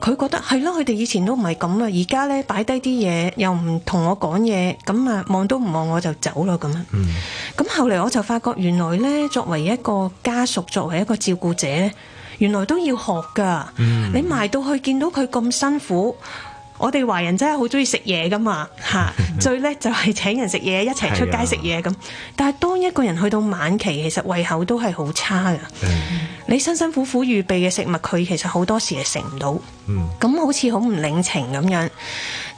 佢覺得係咯，佢哋以前都唔係咁啊，而家咧擺低啲嘢，又唔同我講嘢，咁啊望都唔望我就走啦咁樣。咁、嗯、後嚟我就發覺原來咧，作為一個家屬，作為一個照顧者，原來都要學噶。嗯、你埋到去見到佢咁辛苦。我哋華人真係好中意食嘢噶嘛，嚇！ 最叻就係請人食嘢，一齊出街食嘢咁。是啊、但係當一個人去到晚期，其實胃口都係好差嘅。嗯、你辛辛苦苦預備嘅食物，佢其實好多時係食唔到。咁、嗯、好似好唔領情咁樣。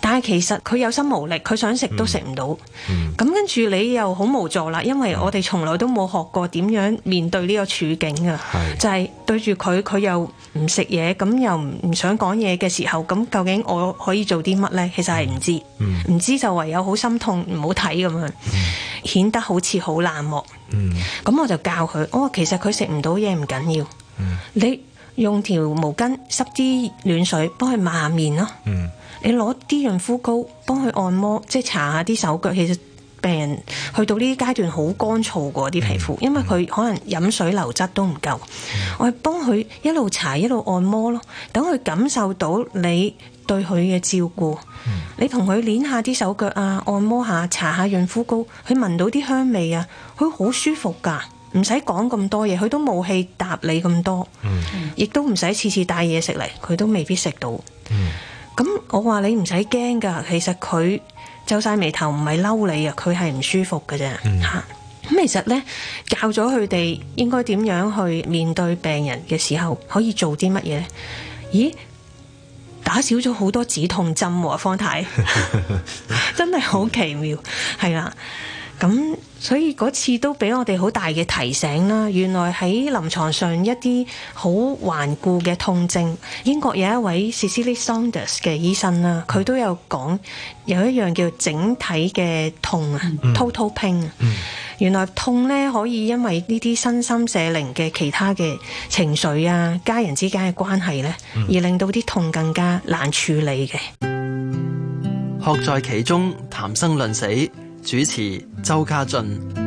但係其實佢有心無力，佢想食都食唔到。咁、嗯嗯、跟住你又好無助啦，因為我哋從來都冇學過點樣面對呢個處境㗎，就係、是、對住佢，佢又唔食嘢，咁又唔想講嘢嘅時候，咁究竟我可以做啲乜呢？其實係唔知，唔、嗯嗯、知就唯有好心痛，唔好睇咁樣，顯得好似好冷漠。咁、嗯、我就教佢，哦，其實佢食唔到嘢唔緊要，你用條毛巾濕啲暖水幫佢抹下面咯。嗯你攞啲潤膚膏幫佢按摩，即係搽下啲手腳。其實病人去到呢啲階段好乾燥過啲皮膚，因為佢可能飲水流質都唔夠、嗯。我係幫佢一路搽一路按摩咯，等佢感受到你對佢嘅照顧。嗯、你同佢捏一下啲手腳啊，按摩一下，搽下潤膚膏，佢聞到啲香味啊，佢好舒服噶，唔使講咁多嘢，佢都冇氣答你咁多，亦都唔使次次帶嘢食嚟，佢都未必食到。嗯咁我話你唔使驚噶，其實佢皺晒眉頭唔係嬲你啊，佢係唔舒服嘅啫吓。咁、嗯、其實咧教咗佢哋應該點樣去面對病人嘅時候，可以做啲乜嘢咧？咦，打少咗好多止痛針喎、啊，方太， 真係好奇妙，係啦，咁。所以嗰次都俾我哋好大嘅提醒啦，原來喺臨床上一啲好頑固嘅痛症，英國有一位 Cicely Saunders 嘅醫生啦，佢都有講有一樣叫整體嘅痛啊、mm.，Total Pain、mm. 原來痛咧可以因為呢啲身心社靈嘅其他嘅情緒啊，家人之間嘅關係咧，mm. 而令到啲痛更加難處理嘅。學在其中，談生論死。主持周家俊。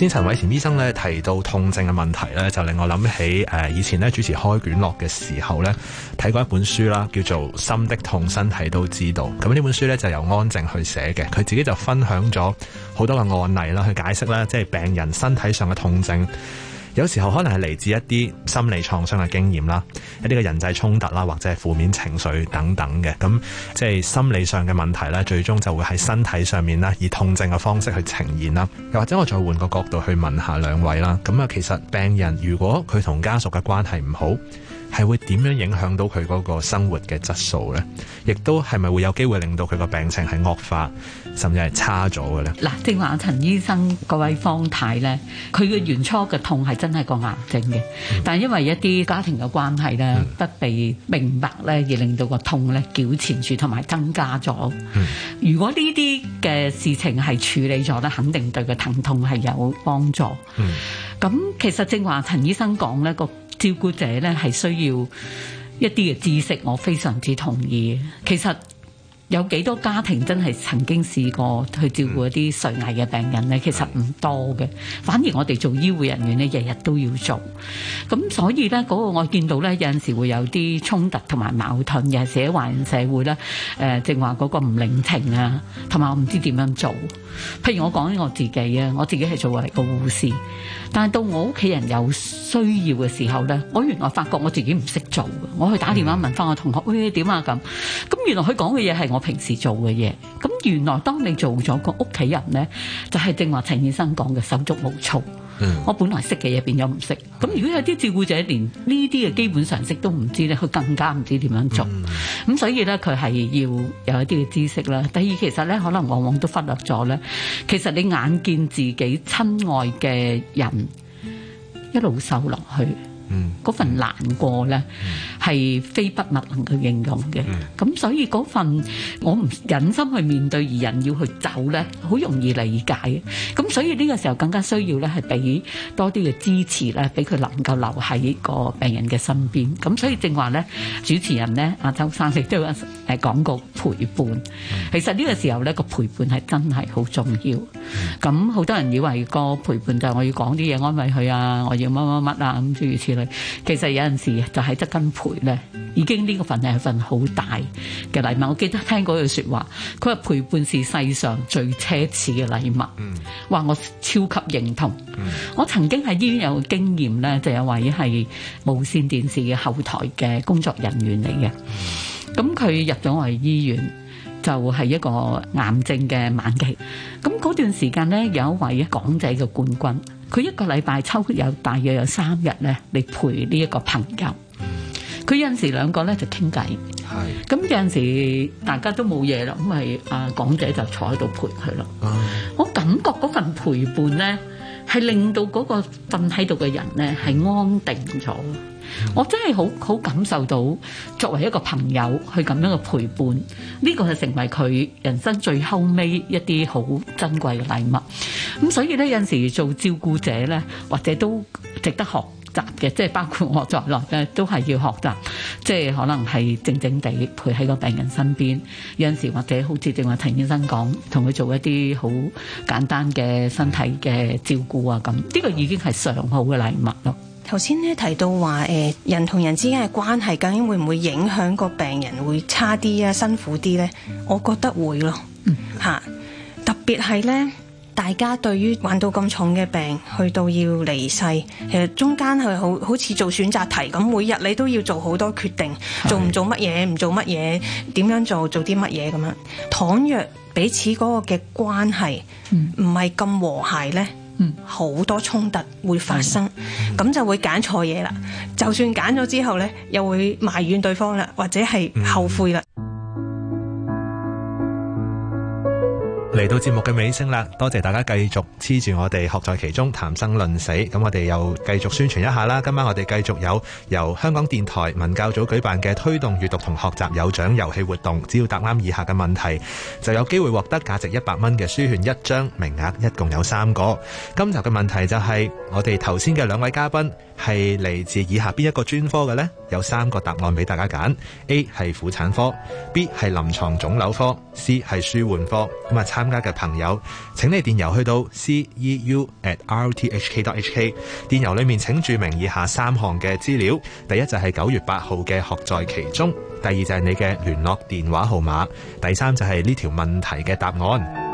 先陳煒嬋醫生咧提到痛症嘅問題咧，就令我諗起誒、呃、以前咧主持開卷樂嘅時候咧，睇過一本書啦，叫做《心的痛，身體都知道》。咁呢本書咧就由安靜去寫嘅，佢自己就分享咗好多個案例啦，去解釋啦即係病人身體上嘅痛症。有時候可能係嚟自一啲心理創傷嘅經驗啦，一啲嘅人際衝突啦，或者係負面情緒等等嘅，咁即係心理上嘅問題啦，最終就會喺身體上面啦，以痛症嘅方式去呈現啦。又或者我再換個角度去問下兩位啦，咁啊，其實病人如果佢同家屬嘅關係唔好。係會點樣影響到佢嗰個生活嘅質素咧？亦都係咪會有機會令到佢個病情係惡化，甚至係差咗嘅咧？嗱，正話陳醫生，嗰位方太咧，佢嘅原初嘅痛係真係個癌症嘅，但係因為一啲家庭嘅關係咧，不被明白咧，而令到個痛咧，糾纏住同埋增加咗。如果呢啲嘅事情係處理咗咧，肯定對個疼痛係有幫助。咁其實正話陳醫生講咧個。照顧者咧係需要一啲嘅知識，我非常之同意。其實，有幾多家庭真係曾經試過去照顧一啲垂危嘅病人咧？其實唔多嘅，反而我哋做醫護人員咧，日日都要做。咁所以咧，嗰個我見到咧，有陣時會有啲衝突同埋矛盾嘅，社會、華人社會咧，誒，正話嗰個唔領情啊，同埋我唔知點樣做。譬如我講緊我自己啊，我自己係作為個護士，但係到我屋企人有需要嘅時候咧，我原來發覺我自己唔識做。我去打電話問翻我同學，喂，點啊咁，咁原來佢講嘅嘢係我，平時做嘅嘢，咁原來當你做咗個屋企人呢，就係正話陳醫生講嘅手足無措。Mm. 我本來識嘅嘢變咗唔識，咁如果有啲照顧者連呢啲嘅基本常識都唔知呢，佢更加唔知點樣做。咁、mm. 所以呢，佢係要有一啲嘅知識啦。第二，其實呢，可能往往都忽略咗呢——其實你眼見自己親愛嘅人一路瘦落去，嗰、mm. 份難過呢。Mm. 係非筆墨能去形容嘅，咁所以嗰份我唔忍心去面對而人要去走咧，好容易理解。咁所以呢個時候更加需要咧，係俾多啲嘅支持咧，俾佢能夠留喺個病人嘅身邊。咁所以正話咧，主持人咧，阿周生你都誒講過陪伴，其實呢個時候咧，個陪伴係真係好重要。咁好多人以為個陪伴就係我要講啲嘢安慰佢啊，我要乜乜乜啊咁諸如此類。其實有陣時就係得跟陪。咧，已經呢個份係份好大嘅禮物。我記得聽過句説話，佢話陪伴是世上最奢侈嘅禮物。嗯，話我超級認同。我曾經喺醫院有經驗咧，就有位係無線電視嘅後台嘅工作人員嚟嘅。咁佢入咗我哋醫院，就係一個癌症嘅晚期。咁嗰段時間咧，有一位港姐嘅冠軍，佢一個禮拜抽有大約有三日咧，嚟陪呢一個朋友，佢有陣時兩個咧就傾偈，咁有陣時大家都冇嘢啦，咁咪啊講者就坐喺度陪佢咯。我感覺嗰份陪伴咧，係令到嗰個瞓喺度嘅人咧係安定咗。我真係好好感受到，作為一個朋友去咁樣嘅陪伴，呢個係成為佢人生最後尾一啲好珍貴嘅禮物。咁所以咧有陣時做照顧者咧，或者都值得學習嘅，即係包括我在內咧，都係要學習，即係可能係靜靜地陪喺個病人身邊。有陣時或者好似正話陳醫生講，同佢做一啲好簡單嘅身體嘅照顧啊，咁呢個已經係上好嘅禮物咯。頭先咧提到話誒，人同人之間嘅關係究竟會唔會影響個病人會差啲啊，辛苦啲咧？我覺得會咯，吓、嗯，特別係咧。大家對於患到咁重嘅病，去到要離世，其實中間係好好似做選擇題咁，每日你都要做好多決定，做唔做乜嘢，唔做乜嘢，點樣做，做啲乜嘢咁樣。倘若彼此嗰個嘅關係唔係咁和諧呢，好、嗯、多衝突會發生，咁就會揀錯嘢啦。就算揀咗之後呢，又會埋怨對方啦，或者係後悔啦。嗯嗯。嚟到節目嘅尾聲啦，多謝大家繼續黐住我哋學在其中談生論死，咁我哋又繼續宣傳一下啦。今晚我哋繼續有由香港電台文教組舉辦嘅推動閱讀同學習有獎遊戲活動，只要答啱以下嘅問題，就有機會獲得價值一百蚊嘅書券一張，名額一共有三個。今集嘅問題就係我哋頭先嘅兩位嘉賓，係嚟自以下邊一個專科嘅呢？有三個答案俾大家揀：A 係婦產科，B 係臨床腫瘤科，C 係紓緩科。咁啊，參加嘅朋友，請你電郵去到 ceu@rthk.hk，電郵裏面請注明以下三項嘅資料：第一就係九月八號嘅學在其中；第二就係你嘅聯絡電話號碼；第三就係呢條問題嘅答案。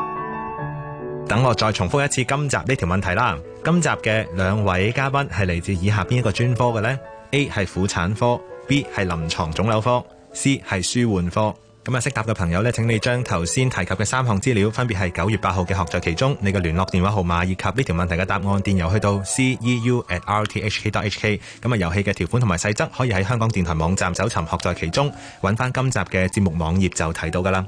等我再重複一次今集呢條問題啦。今集嘅兩位嘉賓係嚟自以下邊一個專科嘅呢 A 係婦產科，B 係臨床腫瘤科，C 係舒緩科。咁啊，識答嘅朋友呢，請你將頭先提及嘅三項資料，分別係九月八號嘅《學在其中》，你嘅聯絡電話號碼以及呢條問題嘅答案電郵去到 ceu@rthk.hk。咁、嗯、啊，遊戲嘅條款同埋細則可以喺香港電台網站搜尋學《學在其中》，揾翻今集嘅節目網頁就睇到噶啦。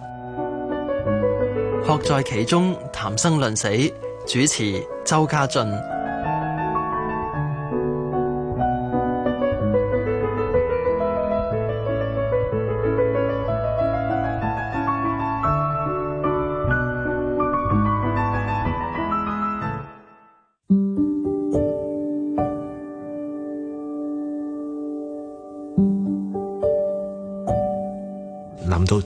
《學在其中》，談生論死。主持周家俊。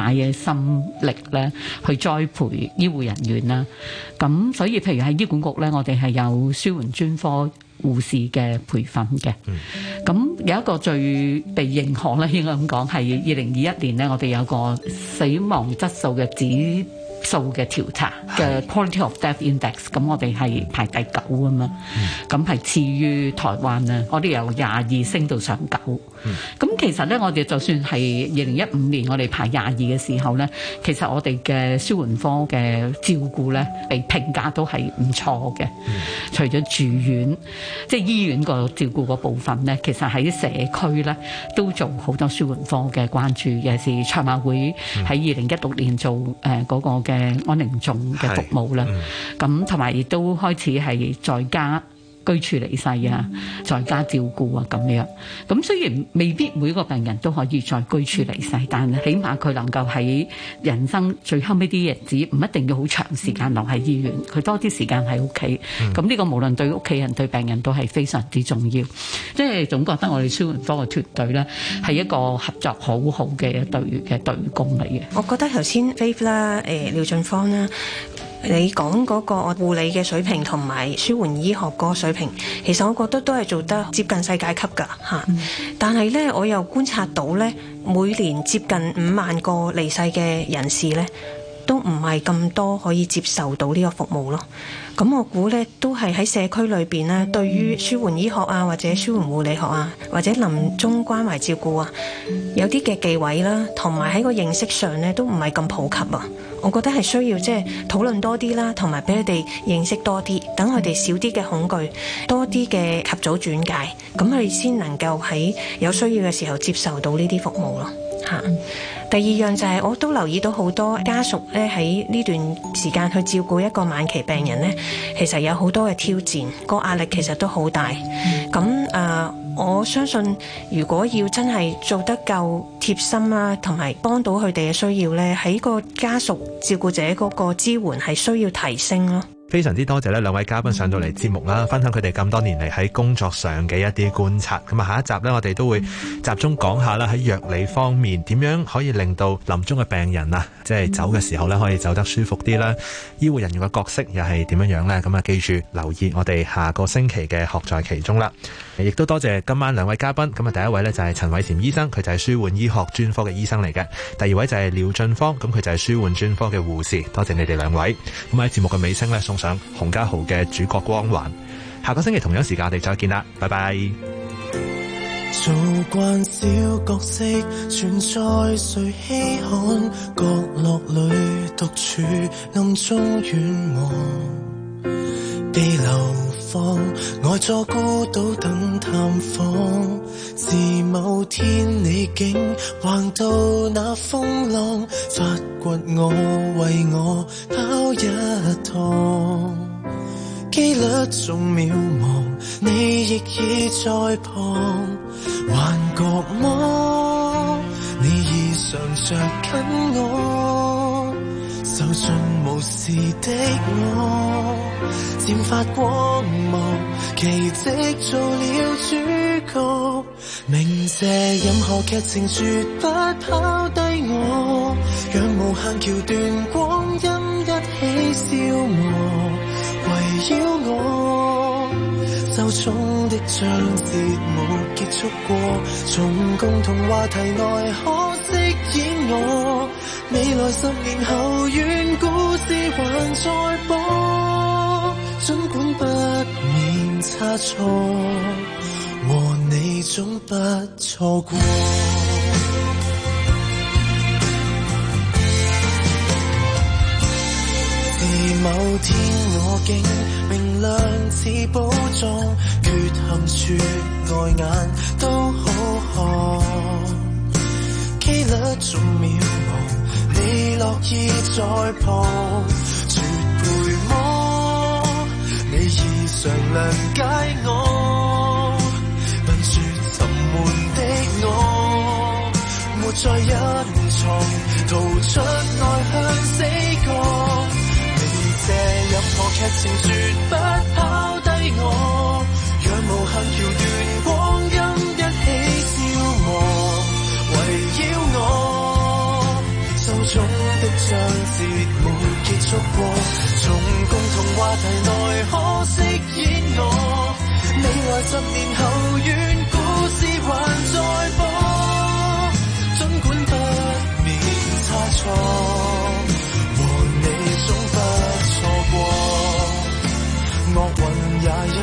買嘅心力咧，去栽培醫護人員啦。咁所以，譬如喺醫管局咧，我哋係有舒緩專科護士嘅培訓嘅。咁有一個最被認可咧，應該咁講，係二零二一年咧，我哋有個死亡質素嘅指數嘅調查嘅 Quality of Death Index。咁我哋係排第九啊嘛，咁係次於台灣啊。我哋由廿二升到上九。咁、嗯、其實咧，我哋就算係二零一五年我哋排廿二嘅時候咧，其實我哋嘅紓緩科嘅照顧咧，被評價都係唔錯嘅、嗯。除咗住院，即係醫院個照顧個部分咧，其實喺社區咧都做好多紓緩科嘅關注，尤其是賽馬會喺二零一六年做嗰個嘅安寧頌嘅服務啦。咁同埋亦都開始係在家。居處離世啊，在家照顧啊，咁樣咁雖然未必每個病人都可以再居處離世，但係起碼佢能夠喺人生最後尾啲日子，唔一定要好長時間留喺醫院，佢多啲時間喺屋企。咁、嗯、呢個無論對屋企人對病人都係非常之重要。即係總覺得我哋紓緩科嘅團隊咧，係一個合作好好嘅隊員嘅隊工嚟嘅。我覺得頭先 Faith 啦，誒、呃，廖進芳啦。你講嗰個護理嘅水平同埋紓緩醫學個水平，其實我覺得都係做得接近世界級㗎吓。但係咧，我又觀察到咧，每年接近五萬個離世嘅人士咧，都唔係咁多可以接受到呢個服務咯。咁我估咧，都係喺社區裏邊咧，對於紓緩醫學啊，或者紓緩護理學啊，或者臨終關懷照顧啊，有啲嘅忌諱啦，同埋喺個認識上咧，都唔係咁普及啊。我覺得係需要即係討論多啲啦，同埋俾佢哋認識多啲，等佢哋少啲嘅恐懼，多啲嘅及早轉介，咁佢哋先能夠喺有需要嘅時候接受到呢啲服務咯。吓，第二樣就係、是、我都留意到好多家屬咧喺呢段時間去照顧一個晚期病人咧，其實有好多嘅挑戰，個壓力其實都好大。咁、嗯、誒、呃，我相信如果要真係做得夠貼心啊，同埋幫到佢哋嘅需要咧，喺個家屬照顧者嗰個支援係需要提升咯。非常之多謝呢兩位嘉賓上到嚟節目啦，分享佢哋咁多年嚟喺工作上嘅一啲觀察。咁啊，下一集呢，我哋都會集中講下啦，喺藥理方面點樣可以令到臨終嘅病人啊，即係走嘅時候呢，可以走得舒服啲啦。醫護人員嘅角色又係點樣樣呢？咁啊，記住留意我哋下個星期嘅《學在其中》啦。亦都多謝今晚兩位嘉賓。咁啊，第一位呢，就係陳煒嬋醫生，佢就係紓緩醫學專科嘅醫生嚟嘅。第二位就係廖進芳，咁佢就係紓緩專科嘅護士。多謝你哋兩位。咁喺節目嘅尾聲呢，送。上洪家豪嘅主角光環，下個星期同樣時間我哋再見啦，拜拜。做慣小角色，存在誰稀罕？角落裏獨處，暗中遠望，地流。愛坐孤島等探訪，自某天你竟橫渡那風浪，發掘我為我跑一趟，機率仲渺茫，你亦已在旁，幻覺麼？你異常着緊我。就盡無事的我，漸發光芒，奇跡做了主角，鳴謝任何劇情絕不拋低我，讓無限橋段光陰一起消磨，圍繞我受寵的沒節目結束過，從共同話題內可飾演我。未來十年後，願故事還在播，儘管不免差錯，和你總不錯過。是 某天我竟明亮似寶鑽，缺陷處礙眼都好看，幾率總渺茫。你樂意再抱絕配麼？你異常諒解我，笨拙沉悶的我，沒再隱藏，逃出內向死角。你這任何劇情絕不拋低我，讓無限橋段。捉過，從共同話題內可飾演我。未來十年後，願故事還在播，盡管不免差錯，和你總不錯過。惡運也因。